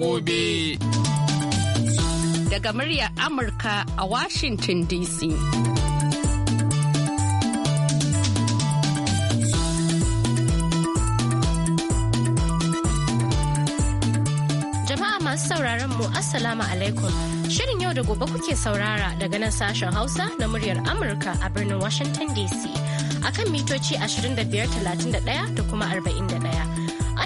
gobe. Daga muryar Amurka a Washington DC. Jama'a masu sauraron mu Assalamu alaikum. Shirin yau da gobe kuke saurara daga nan sashen Hausa na muryar Amurka a birnin Washington DC. akan mitoci 31 da kuma 41.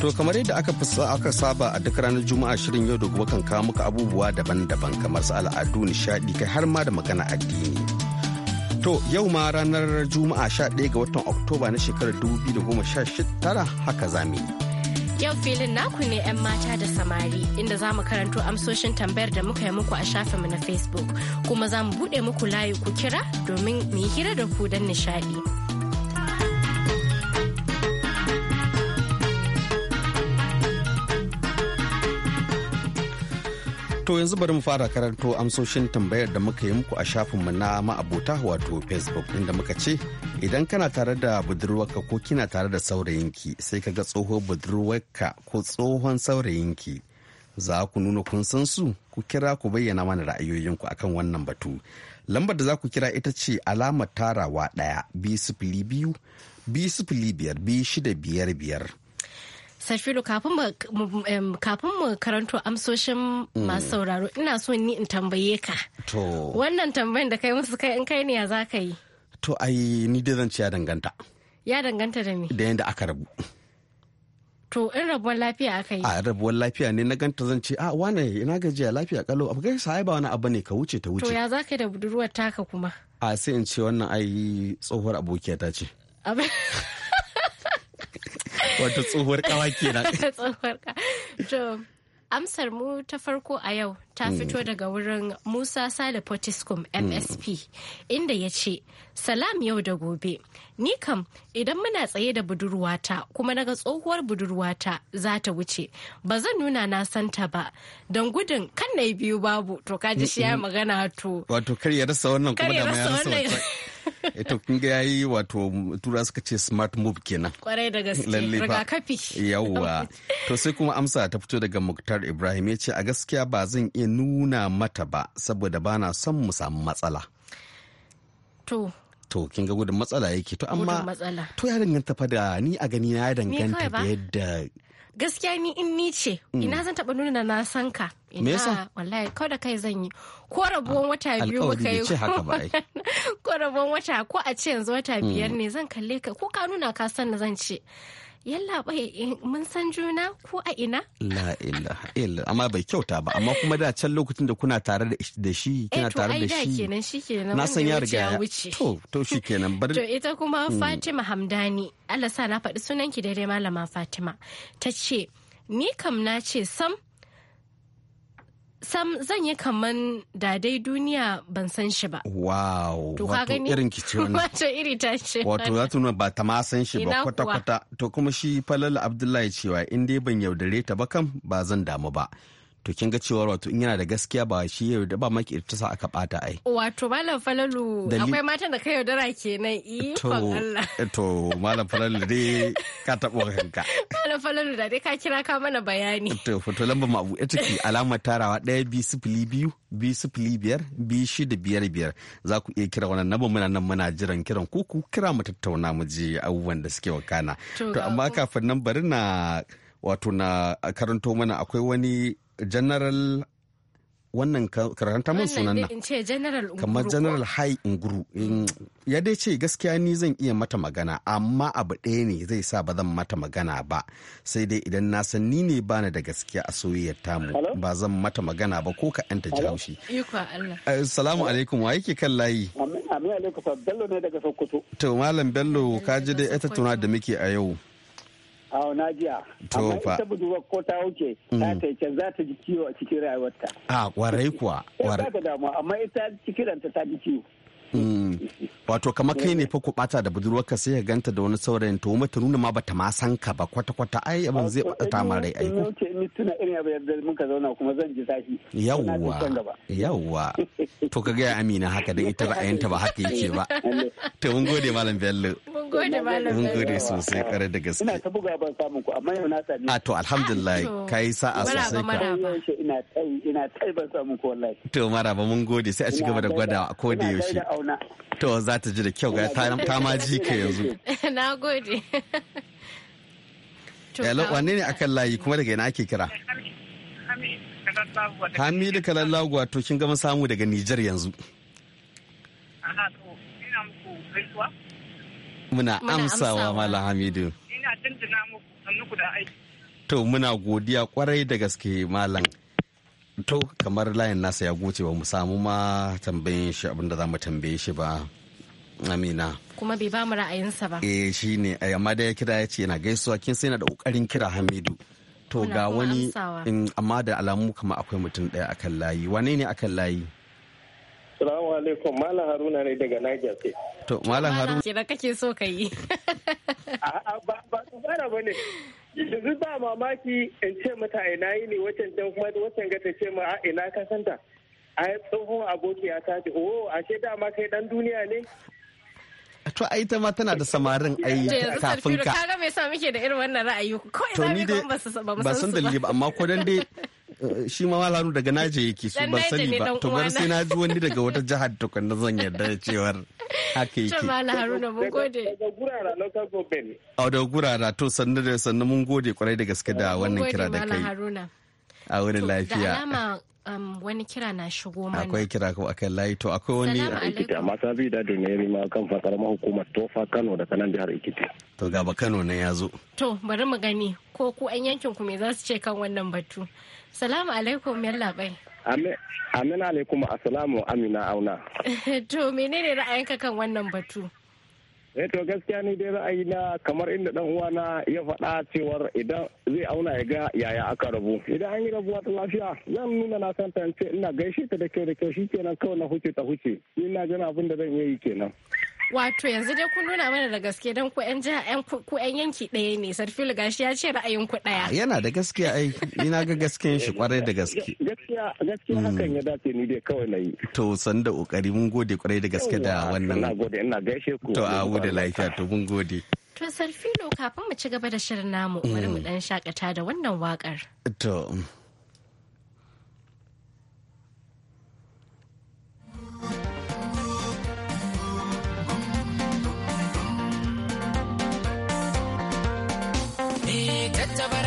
To kamar yadda aka aka saba a duk ranar Juma'a shirin yau da gobe kan kawo muku abubuwa daban-daban kamar su al'adu, nishadi kai har ma da magana addini. To yau ma ranar Juma'a 11 ga watan Oktoba na shekarar 2016 haka zamu Yau filin naku ne 'yan mata da samari inda za mu karanto amsoshin tambayar da muka yi muku a shafin mu na Facebook kuma za mu buɗe muku layi ku kira domin mu yi hira da ku don nishaɗi. To yanzu bari mu fara karanto amsoshin tambayar da muka yi muku a shafinmu na ma'abota wato Facebook inda muka ce idan kana tare da budurwarka ko kina tare da saurayinki sai ka ga tsohon budurwarka ko tsohon saurayinki za ku nuna kun san su ku kira ku bayyana mana ra'ayoyinku akan wannan batu. Lambar da za ku kira ita ce alamar tarawa ɗaya biyu sifili biyu biyu sifili biyar bi shida biyar biyar. Safiru kafin mu karanto amsoshin mm. masu sauraro ina so ni in tambaye ka. To. Wannan tambayin da kai musu kai in kai ne ya za ka yi? To ai ni dai zan ci ya danganta. Ya danganta da me? Da yadda aka rabu. To in rabuwar lafiya aka yi? A rabuwar lafiya ne na ganta zan ce a wane ina gajiya lafiya kalo a gaisa sa ba wani abu ne ka wuce ta wuce. To ya za ka da budurwar taka kuma? A sai in ce wannan ai tsohuwar abokiyata ce. wato tsohuwar kawa kenan tsohuwar to amsar mu ta farko a yau ta hmm. fito daga wurin musa sale potiskum msp hmm. inda ya ce salam yau da gobe ni kam idan muna tsaye da budurwata kuma naga tsohuwar budurwata za ta wuce ba zan nuna na santa ba don gudun kan na biyu babu to kaji shi ya magana to wato kar ya rasa wannan kuma da ya rasa wannan ita eh, kun ga yayi wato tura suka ce smart move kenan kwarai da gaske rigakafi yawwa to sai kuma amsa ta fito daga muktar ibrahim ya ce a gaskiya ba zan iya nuna mata ba saboda ba na son mu samu matsala to to kin ga gudun matsala yake to amma to ya danganta fa da ni a gani na ya danganta da yadda gaskiya ni in ni ce mm. ina zan taba nuna na san ka me wallahi ko da kai zan yi ko rabuwan wata biyu muka yi ko rabuwan wata ko a ce yanzu wata mm. biyar ne zan kalle ka ko ka nuna ka san na zan ce bai mun san juna ko a ina? La ilaha illa amma bai kyauta ba amma kuma da can lokacin da kuna tare da shi kina eh tare da shi. kenan shi kenan na san ya riga ya to to shi kenan bar to ita kuma hmm. Fatima Hamdani Allah sa na faɗi sunan ki daidai malama Fatima ta ce ni kam na ce sam sam zan yi kaman da duniya ban san shi ba. Wow. To Irin ki ce wannan. Wato iri ta ce. Wato za ta nuna ba ta ma san shi ba kwata kwata. To kuma shi Falalu Abdullahi cewa in dai ban yaudare ta ba kam ba zan damu ba. to kin ga cewa wato in yana da gaskiya ba shi yau da ba maki ta sa aka bata ai wato malam falalu akwai matan da kai yaudara kenan ikon Allah eh, to malam falalu dai ka tabo kanka malam falalu da dai ka kira ka mana bayani to foto lamba ma abu ita ki alamar tarawa 1 b 0 biyu b 0 biyar b 6 biyar biyar za ku iya kira wannan namba muna nan muna jiran kiran ku ku kira mu tattauna mu je abubuwan da suke wakana to amma kafin nan bari na wato na karanto mana akwai wani general wannan karanta mun sunan nan kamar general hai nguru ya dai ce gaskiya ni zan iya mata magana amma abu ɗaya ne zai sa ba zan mata magana ba sai dai idan na san ni ne bana da gaskiya a soyayyar tamu ba zan mata magana ba ko ka ta ji haushi eh, salamu alaikum wa yake kan layi amin alaikum bello ne daga sokoto to malam bello ka ji dai ita tuna da muke a yau Awa na jiya. Amma ita budurwa ko ta wuce mm. ta ta can za ta ji kiwo a cikin rayuwarta. A ah, kwarai kuwa. Kwarai. Eh, ta damu amma ita cikin ranta ta ji kiwo wato kamar kai ne fa ku bata da budurwarka sai ka ganta da wani saurayin to mata nuna ma bata ma san ka ba kwata kwata ai abin zai bata ta ma rai ai ko ni tuna irin abu yadda muka zauna kuma zan ji sashi yawwa yawwa to ka ga Amina haka da ita ra'ayinta ba haka yake ba to mun gode malam Bello mun gode malam Bello mun gode sosai kare da gaske ina ta buga ban samu ku amma yau na sani a to alhamdulillah kai sa'a sosai ka ina tai ina tai ban samu ku wallahi to maraba mun gode sai a ci gaba da gwada ko da yaushe auna. To za ta ji da kyau ga ta ma ji ka yanzu. Na gode. Hello, wanne ne akan layi kuma daga ina ake kira? Hamidu Kalallaguwa to kin gama samu daga Nijar yanzu. Muna amsawa mala Hamidu. Ina muku da aiki. To muna godiya kwarai da gaske Malam. to kamar layin nasa ya goce ba mu samu ma tambayin shi abinda za mu tambaye shi ba amina kuma bai ba mu ra'ayinsa ba eh shi ne eh, amma da ya kira ya ce yana gaisuwa kin sai na da kokarin kira hamidu to ga wani amma da alamu kama akwai mutum daya akan layi wane ne akan layi Salamu alaikum Malam Haruna ne daga Niger ce. To Malam Haruna. da kake so ka yi. Ba tsara ba ne. Yanzu ba mamaki in ce mata ina yi ne wacan can kuma wacan ga ta ce ma a ina ka santa. A tsohon abokiya ta ce o oh, ashe dama kai dan duniya ne. to ai ta ma tana da samarin ai kafin ka. Ka ga me yasa muke da irin wannan ra'ayi ko ina ne ba mu san su ba. Ba sun dalili ba amma ko dan dai shi ma malamu daga naje yake su ban sani ba to bar sai na ji wani daga wata jihar ta kwanda zan yarda da cewar haka yake a da gurara to sannu da sannu mun gode kwarai da gaske da wannan kira da kai a wurin lafiya um, wani kira na shigo mana. Akwai kira ko akan layi to akwai wani. Ikiti amma bi da ne ma kan fakar hukumar Tofa Kano da kanan jihar Ikiti. To ga ba Kano ne ya zo. To bari mu gani ko ku an yankin ku me za su ce kan wannan batu. Salamu alaikum yallaɓai. Amina alaikum assalamu amina auna. to menene ra'ayinka kan wannan batu? Eh to gaskiya ni dai ra'ayi na kamar inda dan uwana ya faɗa cewar idan zai auna ya ga yaya aka rabu. Idan an yi rabuwa ta lafiya zan nuna na san ina gaishe ta da ke, da ke shi kenan kawai na huce ta huce. Ni na abin da zan iya yi kenan. wato yanzu dai kun nuna mana da gaske don ku 'yan ku 'yan yanki ɗaya ne sarfilu gashi ya ce ra'ayin ku ɗaya ah, yana da gaske ai ina ga gaskiyan shi kwarai da gaske gaskiya gaskiya hmm. hakan ya dace ni dai kawai na yi to san da kokari mun gode kwarai da gaske da wannan ina gode ina gaishe ku to a da lafiya to mun gode to sarfilo kafin mu ci gaba da shirin namu bari mu dan hmm. shakata da wannan wakar to கச்சவன்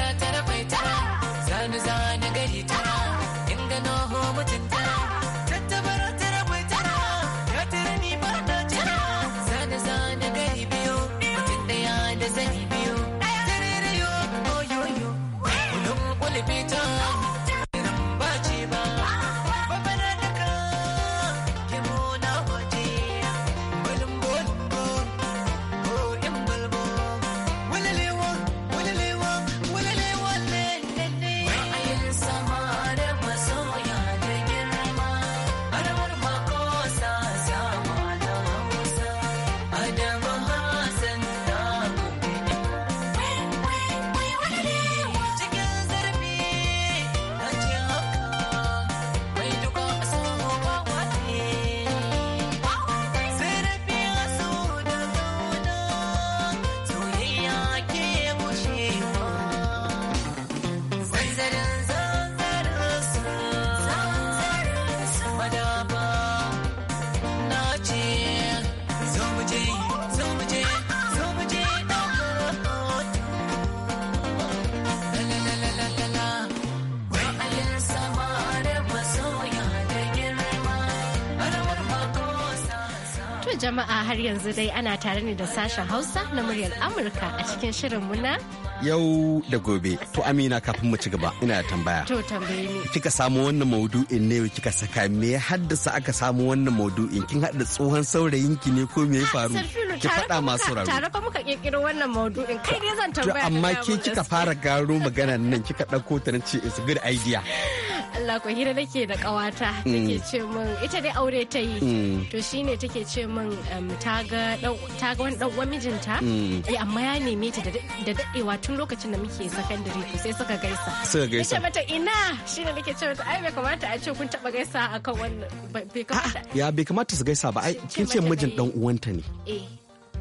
jama'a har yanzu dai ana tare ne da sashen Hausa na muryar Amurka a cikin shirin muna. Yau da gobe, to Amina kafin mu ci gaba ina da tambaya. To tambaye Kika samu wannan maudu'in ne kika saka me ya haddasa aka samu wannan maudu'in kin haɗa tsohon saurayin ki ne ko me ya faru? Ki faɗa masu raru. Tare fa muka kirkiro wannan maudu'in kai ne zan tambaya. To amma ke kika fara gano magana nan kika dauko ta na ce it's a good idea. Allah ku hira nake da kawata take mm. ce min ita dai aure ta yi mm. to shine take ce min um, ta ga ta ga wani dan mijinta mm. eh amma ya neme ta da dadewa tun lokacin da muke secondary to sai suka gaisa suka gaisa ita mata ina shine nake ce mata ai bai kamata a ce kun taba gaisa akan wannan bai ah, kamata ya bai kamata su gaisa ba ai kin ce mijin dan uwanta ne eh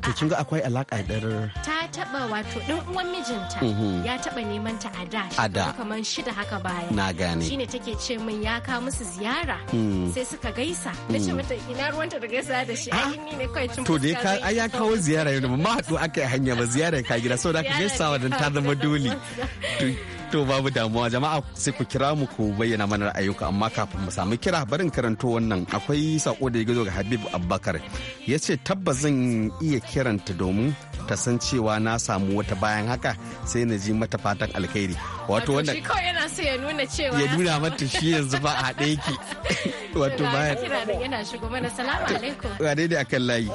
to kin ga akwai alaka dar ta taba wato dan uwan mijinta ya taba neman ta a da a da kamar shida haka baya na gane shine take ce min ya ka musu ziyara hmm. sai suka gaisa nace hmm. mata ina ruwan ta da gaisa da shi ah. ai ne kai cin to da ka ai ya kawo ziyara ne ma haɗu aka hanya ba ziyara ka gida saboda ka gaisa wa dan ta zama dole To babu damuwa jama'a sai ku kira mu ku bayyana mana ra'ayuka amma kafin mu samu kira barin karanto wannan akwai sako da ya gizo ga Habib Abubakar ya ce tabbas zan iya kiranta domin ta san cewa na samu wata bayan haka sai na ji mata fatan alkhairi wato wannan shi kawai yana so ya nuna cewa ya nuna mata shi yanzu ba a haɗe yake wato bayan kira da yana shigo mana salamu alaikum ga daidai akan layi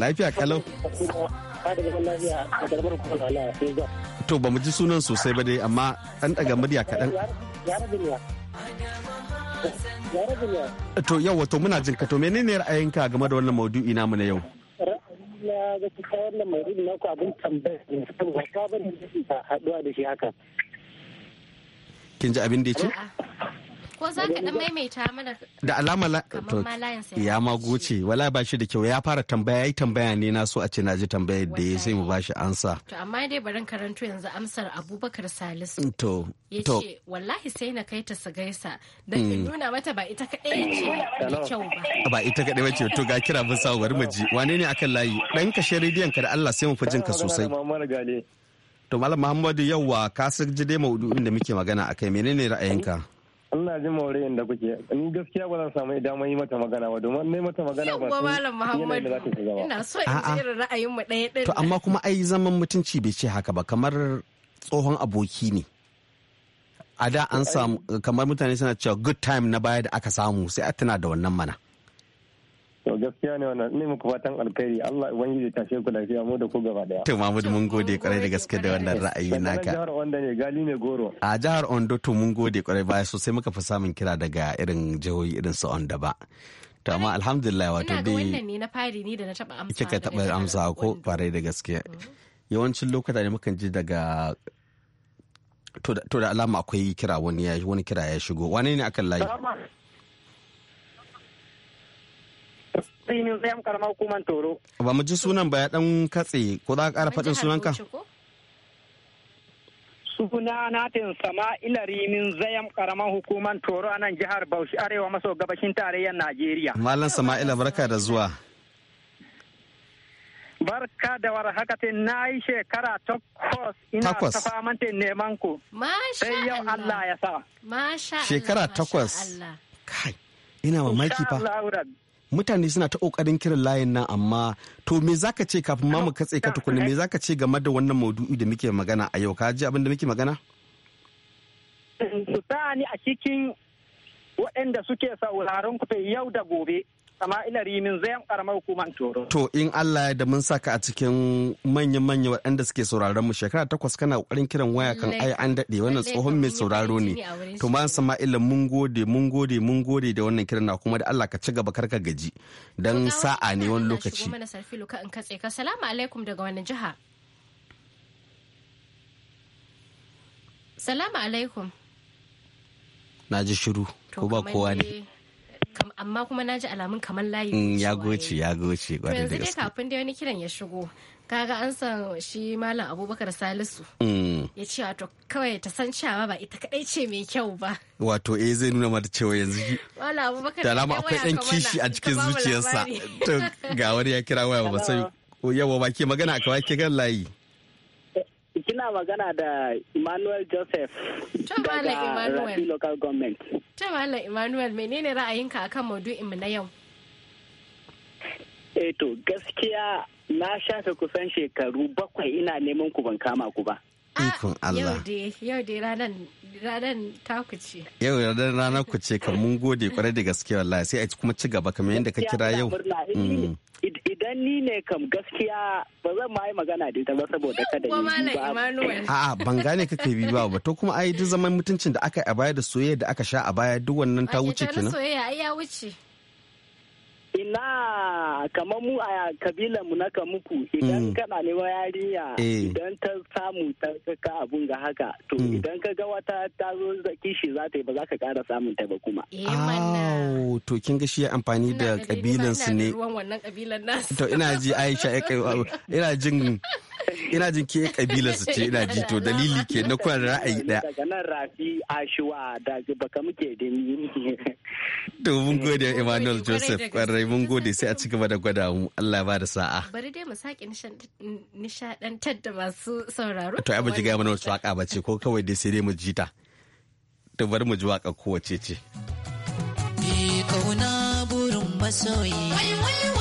lafiya kalau To ba mu ji sunan sosai ba dai amma an daga murya kaɗan. To yau wato muna jin ka to menene ra'ayinka game da wannan maudu'i namu na yau? Kin ji abin da ya ce? Ko za ka dan maimaita mana da alama la. ya ma goce wala ba shi da kyau ya fara tambaya yi tambaya ne na so a ce na ji tambayar da ya sai mu ba shi ansa. To amma dai barin karanto yanzu amsar Abubakar Salisu. To ya ce wallahi sai na kai ta su gaisa don in mm. nuna mata ba ita kaɗai ce da kyau ba. Ba ita kaɗai ba to ga kira mun samu bari mu ji wane ne akan layi ka kashe rediyon ka da Allah sai mu fi jinka sosai. To Malam Muhammadu yawwa ka ji dai maudu'in da muke magana akai menene ra'ayinka? ina ji maurayin da kuke ni gaskiya ba zan samu idan yi mata magana ba domin ne mata magana ba sai malam muhammadu ina so in ji ra'ayin mu ɗaya ɗin to amma kuma ai zaman mutunci bai ce haka ba kamar tsohon aboki ne a da an samu kamar mutane suna cewa good time na baya da aka samu sai a tuna da wannan mana To gaskiya ne wannan ne muku fatan alkhairi Allah ubangiji tashe ku lafiya mu da ku gaba daya. To Mahmud mun gode kwarai da gaske da wannan ra'ayi naka. Jihar Ondo ne gali ne goro. A jihar Ondo to mun gode kwarai baya sosai muka fi samun kira daga irin jihohi irin su Ondo ba. To amma alhamdulillah wato dai. Ina ga wannan ne na fari ni da na taba amsa. Kika taba amsa ko kwarai da gaske. Mhm. Yawancin lokuta ne mukan ji daga to da alama akwai kira wani kira ya shigo wani ne akan layi? tsinin tsayan karamar hukumar toro. Ba mu ji sunan ba ya dan katse ko za ka ƙara faɗin sunanka? Suna natin sama ilarimin zayam karamar hukumar toro a nan jihar Bauchi arewa maso gabashin tarayyar Najeriya. Malam Sama'ila barka da zuwa. Barka da warhaka te na yi shekara takwas ina ta famantin neman ku. Masha Sai yau Allah ya sa. Masha Allah. Shekara takwas. Kai, ina mamaki fa. mutane suna ta kokarin kiran layin nan amma to me zaka ce kafin ma mu katse ka tukuna me zaka ce game da wannan maudu'i da muke magana a yau ka ji abin da muke magana su a cikin waɗanda suke sauraron ku yau da gobe Sama'ila Rimin zayan karamar hukumar Toro. To in Allah ya da mun saka a cikin manyan manya waɗanda suke sauraron mu shekara takwas kana ƙoƙarin kiran waya kan ai an daɗe wannan tsohon mai sauraro ne. To ma Sama'ila mun gode mun gode mun gode da wannan kiran na kuma da Allah ka ci gaba karka gaji don sa'a ne wani lokaci. Salamu alaikum daga wani jiha. Salamu alaikum. Na ji shiru ko ba kowa ne. amma kuma na ji alamun kamar layi mm, ya goce ya goce kwarai da gaske kafin dai wani kiran ya shigo kaga an san shi malam abubakar salisu mm. ya ce wato kawai ta san cewa ba ita kadai ce mai kyau ba wato eh zai nuna mata cewa yanzu malam abubakar da alama akwai dan kishi a cikin zuciyarsa ga wani ya kira waya ba sai yawa ba ke magana a kawai ke gan layi kina magana da Emmanuel Joseph daga Rafi Local Government. Ta Emmanuel menene ra'ayinka akan maudu'in mu na yau? Eto, eh gaskiya na shafe kusan shekaru bakwai ina neman ku ban kama ku ba. ikon ah, Allah. Yau dai ranar taku ce. Yau ranan ranar ku ce kan mun gode kwarai da gaske wallahi sai a kuma ci gaba kamar yadda ka kira yau. Mm. Idan ni ne kam gaskiya ba zan ma yi magana da ita ba saboda kada ni ba. A'a ban gane kake bi ba ba to kuma ai duk zaman mutuncin da aka yi a baya da soyayya da aka sha a baya duk wannan ta wuce kenan. Soyayya ai ya wuce. Ina kamar mu a kabilan mu na kamuku mm. idan kana neman yarinya eh. idan ta samu ta ka abun ga haka to mm. idan ka ga wata ta zo kishi za ta yi ba za ka kara samun ta ba kuma. Eh, to kin ga shi amfani da kabilan su ne. To ina ji Aisha ina jin ina jin ke kabila su ce ina ji dalili ke na kwan ra'ayi daya daga nan rafi ashuwa da baka muke da ni to mun eh, gode Emmanuel Joseph kwarai mun gode sai a ci gaba da gwada mu Allah ba da sa'a bari dai mu sake nishadantar da masu sauraro to ai ba ki ga mana wasu waka ba ce ko kawai dai sai dai mu ji ta to bari mu ji waka kowace ce kauna burin masoyi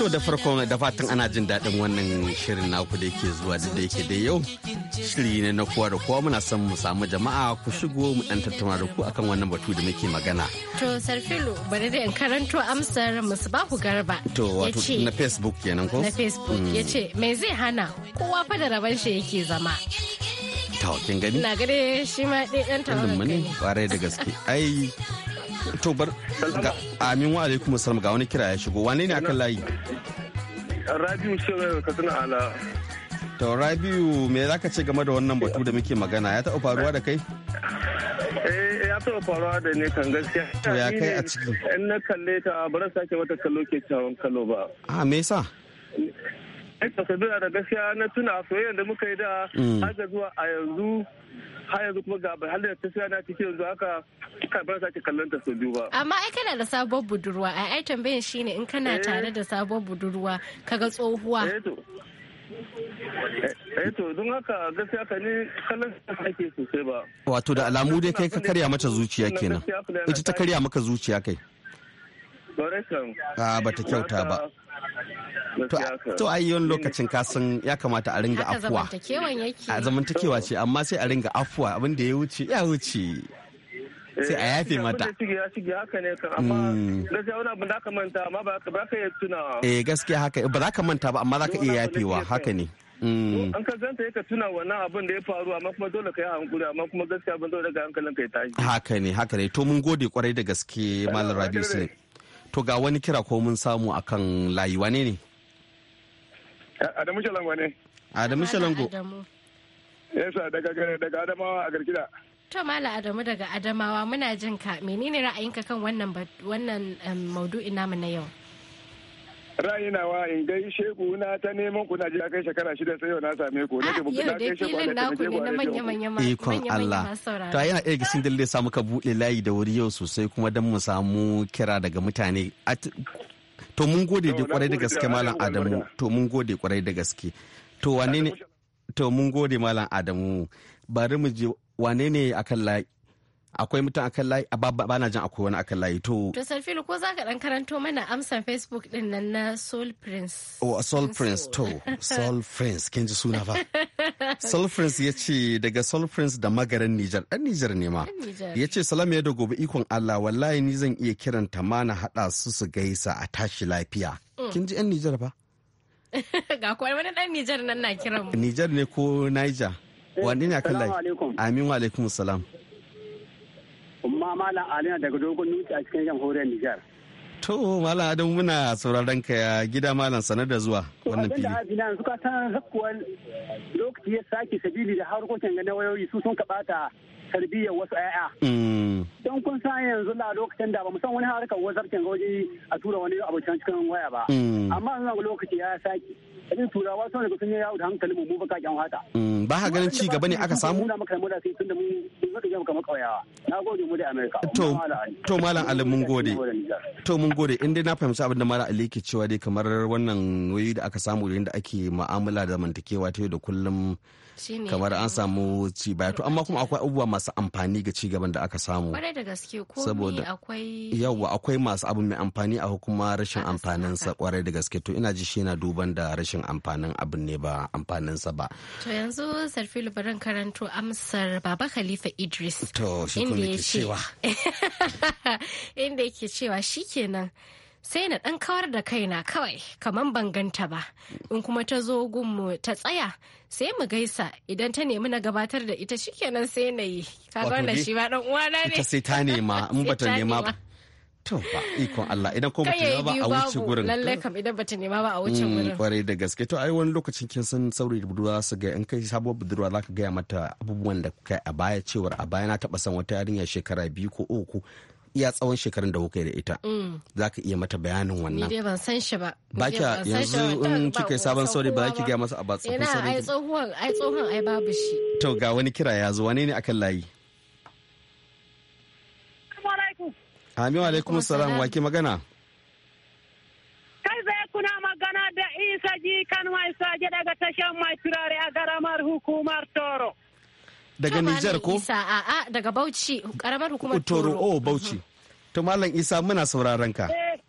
To da farko da fatan ana jin daɗin wannan shirin naku da yake zuwa duk da yake da yau shiri ne na kowa da kowa muna son mu samu jama'a ku shigo mu dan tattauna da ku akan wannan batu da muke magana. To Sarfilo bari da in karanto amsar musu ba ku garba. To wato na Facebook kenan ko? Na Facebook ya ce me zai hana kowa fa da raban shi yake zama. Ta kin gani? Na gare shi ma ɗaya ɗan tawagar. Ilimin ƙwarai da gaske. Ai to bar amin wa alaikum salam ga wani kira ya shigo wane ne akan layi rabiu sai ka tuna ala to rabiu me zaka ce game da wannan batu da muke magana ya taɓa faruwa da kai eh ya taɓa faruwa da ne kan gaskiya to ya kai a ciki in na kalle ta ba sake mata kallo ke cawon kallo ba a ah, me yasa aika sabila da gaskiya na tuna soyayyar da muka yi da mm. har da zuwa a yanzu har yanzu kuma ga halin ta tafiya na ciki yanzu haka ka bar sake kallon ta sau biyu ba. Amma ai kana da sabon budurwa ai ai tambayin shine in kana eh. tare da sabon budurwa kaga tsohuwa. Eh, eh, eh to don haka gaskiya ka ni kallon ta ake sosai ba. Wato da alamu dai kai ka karya mata zuciya kenan. Ita ta karya maka zuciya kai. Ah, ba ta kyauta ba. to a yi lokacin kasan ya kamata a ringa afuwa a zamantakewa ce amma sai a ringa afuwa abin da ya wuce ya wuce eh, sai a yafe mata haka ne hmm. ba eh gaskiya haka ba za ka manta ba amma za ka iya yafewa haka ne an hmm. ka zanta ya ka tuna wannan abin da ya faru amma kuma dole ka yi hankuri amma kuma gaskiya ban dole daga hankalin ka ya tashi haka ne haka ne to mun gode kwarai da gaske malam rabiu sai to ga wani kira ko mun samu akan layi wane ne adamu shalango ne adamu shalango yasa daga daga adamawa a garkida to mala adamu daga adamawa muna jin ka menene ra'ayinka kan wannan wannan um, maudu'i namu na yau wa in gai shegu na ta neman ku na ji kai shekara shida sai yau na same ku na tabbata na kai shegu na taimake ku na manya manya ikon Allah to a ɗaya sun dalilai samu ka buɗe layi da wuri yau sosai kuma dan mu samu kira daga mutane to mun gode da kwarai da gaske malam Adamu to mun gode kwarai da gaske to wane ne to mun gode malam Adamu bari mu je wane ne akan layi akwai mutum akan layi ba na jin akwai wani akan layi to to sarfilu ko zaka dan karanto mana amsan facebook din nan na soul prince oh soul prince to soul prince kin ji suna ba soul prince ya ce daga soul prince da magaran Niger dan Niger ne ma ya ce salam ya da gobe ikon allah wallahi ni zan iya kiran ta ma na hada su su gaisa a tashi lafiya mm. kin ji yan Niger ba ga kwai wani dan Niger nan na kiran mu Niger ne ko niger eh, wani ne akan layi amin wa alaikum salam umma malam alina daga dogon nuki a cikin jamhuriyar nijar to malam adam muna sauraron ka ya gida malam sanar da zuwa wannan fili abin da suka san hakkuwar lokaci ya sake sabili da harkokin ga na wayoyi su sun bata. tarbiyyar wasu 'ya'ya. Mm. Don kun san yanzu da lokacin da ba san wani harkar wazarcin gauji a tura wani abincin cikin waya ba. Mm. Amma yanzu lokaci ya sake. Irin turawa sun riga sun yi yawo da hankali mu baka kyan hata. Mm. Ba ha ganin ci gaba ne aka samu? Muna maka mura sai tunda mun zaka jama kamar kauyawa. Na gode mu da Amerika. To to malam Ali mun gode. To mun gode in dai na fahimci abin da malam Ali ke cewa dai kamar wannan wayoyi da aka samu yayin da ake mu'amala da mantakewa ta yau da kullum kamar an samu ci baya to amma kuma akwai abubuwa masu amfani ga ci da aka samu saboda yawa akwai masu abu mai amfani a kuma rashin amfanin sa kwarai da gaske to ina ji shi yana duban da rashin amfanin abin ne ba amfanin sa ba to yanzu sarfilu barin karanto amsar baba khalifa idris to shi kuma ke cewa inda yake cewa shikenan sai na ɗan kawar da kaina kawai kamar ban ganta ba in kuma ta zo gunmu ta tsaya sai mu gaisa idan ta nemi na gabatar da ita shikenan sai na yi ka da shi ba dan uwana ne ita sai ta nema in bata nema ba to ba ikon Allah idan ko bata ba a wuce gurin lalle kam idan bata nema ba a wuce mm, gurin kwarai da gaske to ai wani lokacin kin san saurayi budurwa su ga in kai sabuwar budurwa zaka gaya mata abubuwan da kai a baya cewar a baya na taba san wata yarinya shekara biyu ko uku iya tsawon shekarun da kuka yi da ita mm. za ka iya mata bayanin wannan ni ban san shi ba ba kya yanzu in kika sabon sauri ba ki ga masa a batsa. tsohon ai tsohon ai tsohon ai babu shi to ga wani kira ya zo wane ne akan layi Amin alaikum salam wa ke magana kai zai kuna magana da isa ji kan mai saje daga tashan mai turare a garamar hukumar toro daga Nijar ko? Isa a a daga Bauchi karamar hukumar Toro. Toro Oh Bauchi. To Malam Isa muna sauraron ka. Eh.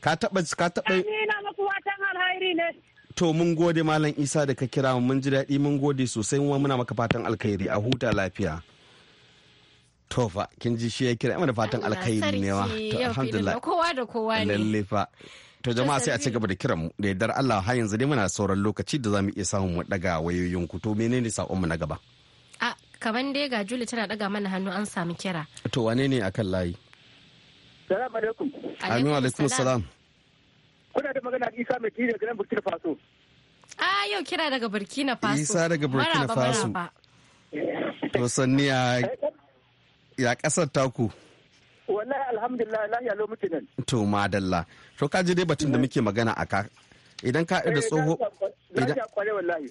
Ka taba ka taba Amina muku watan alhairi ne. To mun gode Malam Isa da ka kira mu mun ji daɗi mun gode sosai mu muna maka fatan alkhairi a huta lafiya. To fa kin ji shi ya kira mana fatan alkhairi ne wa. Alhamdulillah. Kowa da kowa ne. Lallefa. To jama'a sai a ci gaba da kiran mu da yardar Allah har yanzu dai muna sauran lokaci da za mu iya samun mu daga wayoyin ku to menene sakon mu na gaba? A kaman dai ga Juli tana daga mana hannu an samu kira. To wane ne akan layi? Salamu alaikum. Amin alaikum salam. Kuna da magana Isa mai tiri daga Burkina Faso. A yau kira daga Burkina Faso. Isa daga Burkina Faso. To sanniya ya kasar taku. wallahi alhamdulillah lahiya lo muke nan to madalla to ka ji dai batun da muke magana a ka idan ka haɗu da eh, tsoho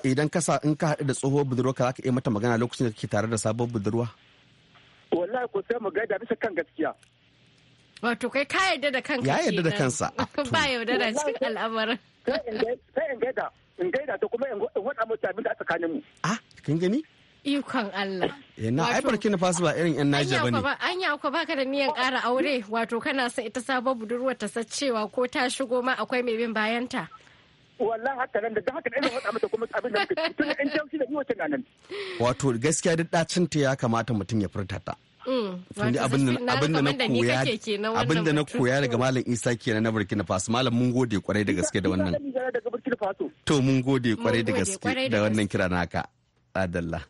idan ka sa in ka haɗu da tsoho budurwa ka zaka iya mata magana lokacin da kake tare da sabon budurwa wallahi ko sai mu gaida bisa kan gaskiya wato kai ka yarda da kanka ya yarda da kansa ah, ba yarda da cikin al'amarin sai in gaida in gaida to kuma in wada mutane da tsakanin mu ah kin gani Ikon Allah. Ina eh, ai Burkina fasu ba irin yan Niger bane. Anya ba baka da niyan ƙara aure wato kana sa ita sabon budurwa ta sacewa ko ta shigo ma akwai mai bin bayanta. wallan haka nan da da haka ina wata mata kuma abin da tun in jaushi da ni wata nan wato gaskiya duk dacin ta ya kamata mutum ya furta ta mm, tunda abin da na koya abin da na koya daga malam Isa kenan na Burkina Faso malam mun gode kwarai da gaske da wannan to mun gode kwarai da gaske da wannan kira naka adalla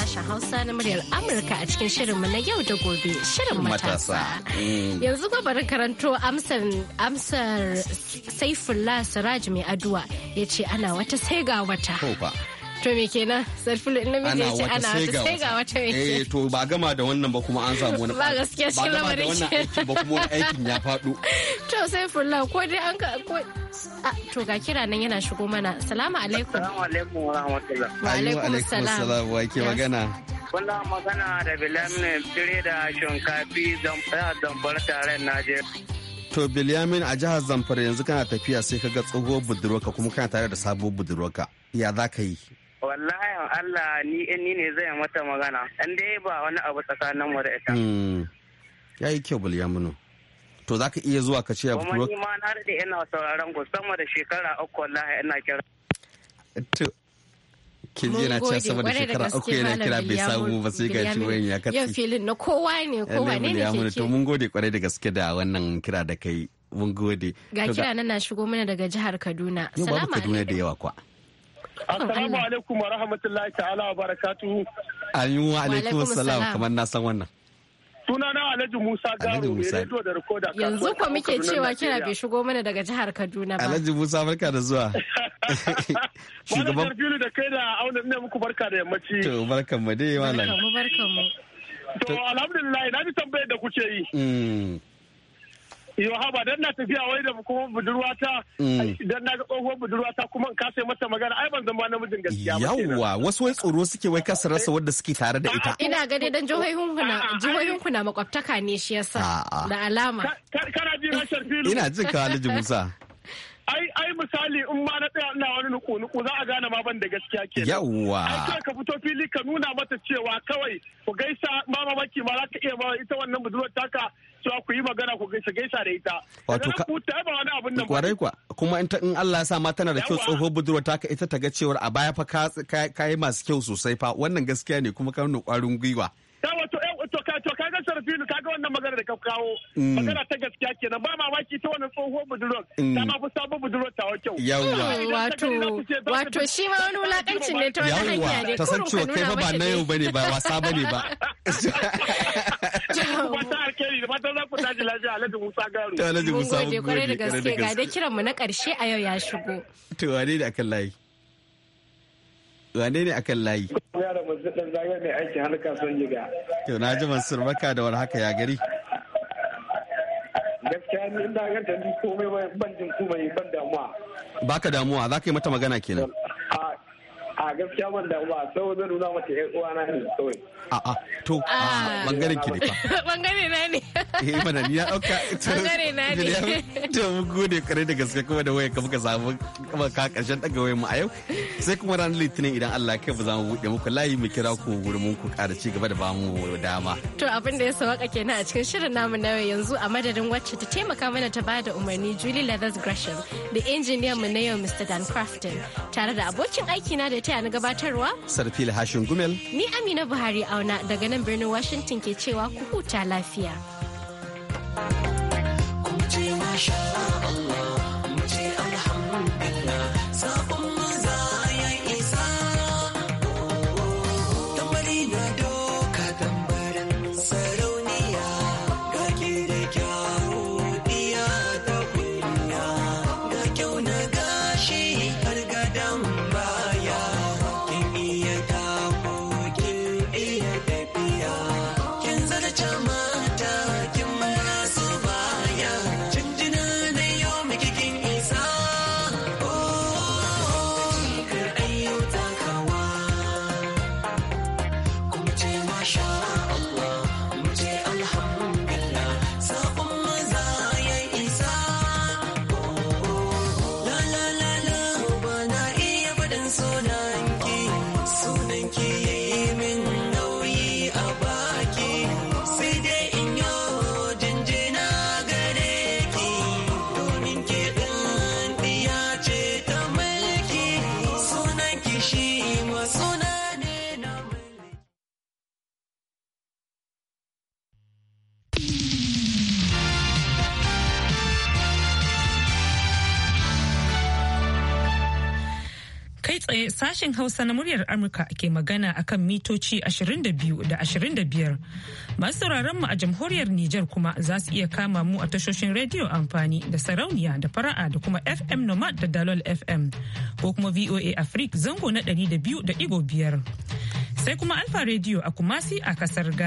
sashen Hausa na muryar Amurka a cikin shirinmu na yau da gobe shirin matasa. Mm. Yanzu ba bari karanto amsar Saifullah Siraj mai aduwa ya ce ana wata sai ga wata. To me kenan? sarfi na namiji ce ana wata sai ga wata yake. Eh to ba gama da wannan ba kuma an samu wani. Ba gaskiya shi lamarin ba gama da wannan aikin ba kuma aikin ya faɗo. To sai fulla ko dai an ka ko to ga kira nan yana shigo mana. Salamu alaikum. Assalamu alaikum wa rahmatullah. Wa alaikum salam. Wa ke magana? Kuna magana da Bilamin Tire da Shinkafi Zamfara tare Najeriya. To Bilyamin a jihar Zamfara yanzu kana tafiya sai ka ga tsohuwar budurwarka kuma kana tare da sabuwar budurwarka. Ya za ka yi? wallahi Allah ni in ni ne zai mata magana in dai ba wani abu tsakanin mu da ita hmm. ya yi kyau bulyamino to za ka iya zuwa ka ce abu kuma ni ma na da ina sauraron ku sama da shekara uku wallahi ina kira to kin ji yana cewa sama da shekara uku yana kira bai samu ba sai ga shi wayan ya katsi yau filin na kowa ne kowa ne ne ke to mun gode kwarai da gaske da wannan kira da kai mun gode ga kira nan na shigo mana daga jihar Kaduna yau babu Kaduna da yawa kwa Assalamu alaikum wa rahmatullahi ta'ala wa barakatuhu. Amin wa alaikum salam kamar na san wannan. Sunana Alhaji Musa Garo mai rediyo da rikoda Yanzu ko muke cewa kira bai shigo mana daga jihar Kaduna ba. Alhaji Musa barka da zuwa. Shugaban Jarfilu da kai da auna ne muku barka da yammaci. To barkan mu dai malam. Barkan mu barkan mu. To alhamdulillah na ji tambayar da kuke yi. Mm. yau haba don na tafiya wai da kuma budurwata mm. don na ga tsohuwar budurwata kuma in kasa mata magana ai ban zama namijin gaskiya ba yawwa wasu wai tsoro suke wai kasa rasa wadda suke tare da ita ina gani dan jihohin kuna jihohin kuna makwabtaka ne shi yasa da alama kana jira rashar filin? ina jin ka Alhaji Musa ai ai misali in ma na tsaya ina wani nuku nuku za a gane ma ban da gaskiya ke yawwa ai ka fito fili ka nuna mata cewa kawai ku gaisa ma mamaki ma za ka iya ba ita wannan budurwar taka cewa ku yi magana ku gaisa gaisa da ita wato ka ta ba wani abin nan kwarai kwa kuma in in Allah ya sa ma tana da kyau tsoho budurwar taka ita ta ga cewa a baya fa ka kai masu kyau sosai fa wannan gaskiya ne kuma ka nuna kwarin gwiwa ta wato eh, to kaga sarfilu kaga wannan magana da ka kawo mm. magana ta gaskiya kenan ba mamaki ta wannan tsohuwar budurwar mm. ta ma fi sabon budurwar ta kyau yawa wato wato shi ma wani wulakancin ne ta wani hanya ne ta san cewa kai fa ba na yau bane ba wasa bane ba fata alkhairi da fatan za ku tashi lafiya Alhaji Musa Garu Alhaji Musa Garu mun gode kwarai da gaske ga da kiran mu na karshe a yau ya shigo to wane da akan layi Wane ne akan layi? Ya da ɗan mai aiki har kasuwan jiga. To na ji Mansur maka da war haka ya gari. Gaskiya ni ina ganta ni komai ban jin komai ban damuwa. Baka damuwa za ka yi mata magana kenan. a gaskiya ban da ba sai zan nuna mata yan na ne kawai a a to a ah. ah, bangaren ki ne fa bangare na ne eh mana ni na dauka bangare na ne to mu gode kare da gaske kuma da wayar ka samu kuma ka karshen daga wayar mu a yau sai kuma ranar litinin idan Allah ya kai ba za mu bude muku layi mu kira ku gurin mun ku kara ci gaba da ba mu dama to abin da ya sauka kenan a cikin shirin namu na yanzu a madadin wacce ta taimaka mana ta ba da umarni Julie Leathers Gresham da engineer mu na yau Mr Dan Crafton tare da abokin aiki na da ta ta na gabatarwa? Sarfila Hashin Gumel. Ni Amina Buhari auna daga nan birnin Washington ke cewa ku huta lafiya. Kuma Sashen Hausa na muryar Amurka ke magana akan mitoci 22 da 25. Masu mu a jamhuriyar Nijar kuma za su iya kama mu a tashoshin rediyo amfani da sarauniya da fara'a da kuma FM Nomad da Dalol FM ko kuma VOA Africa zango na da biyar Sai kuma Alfa rediyo a Kumasi a kasar Ghana.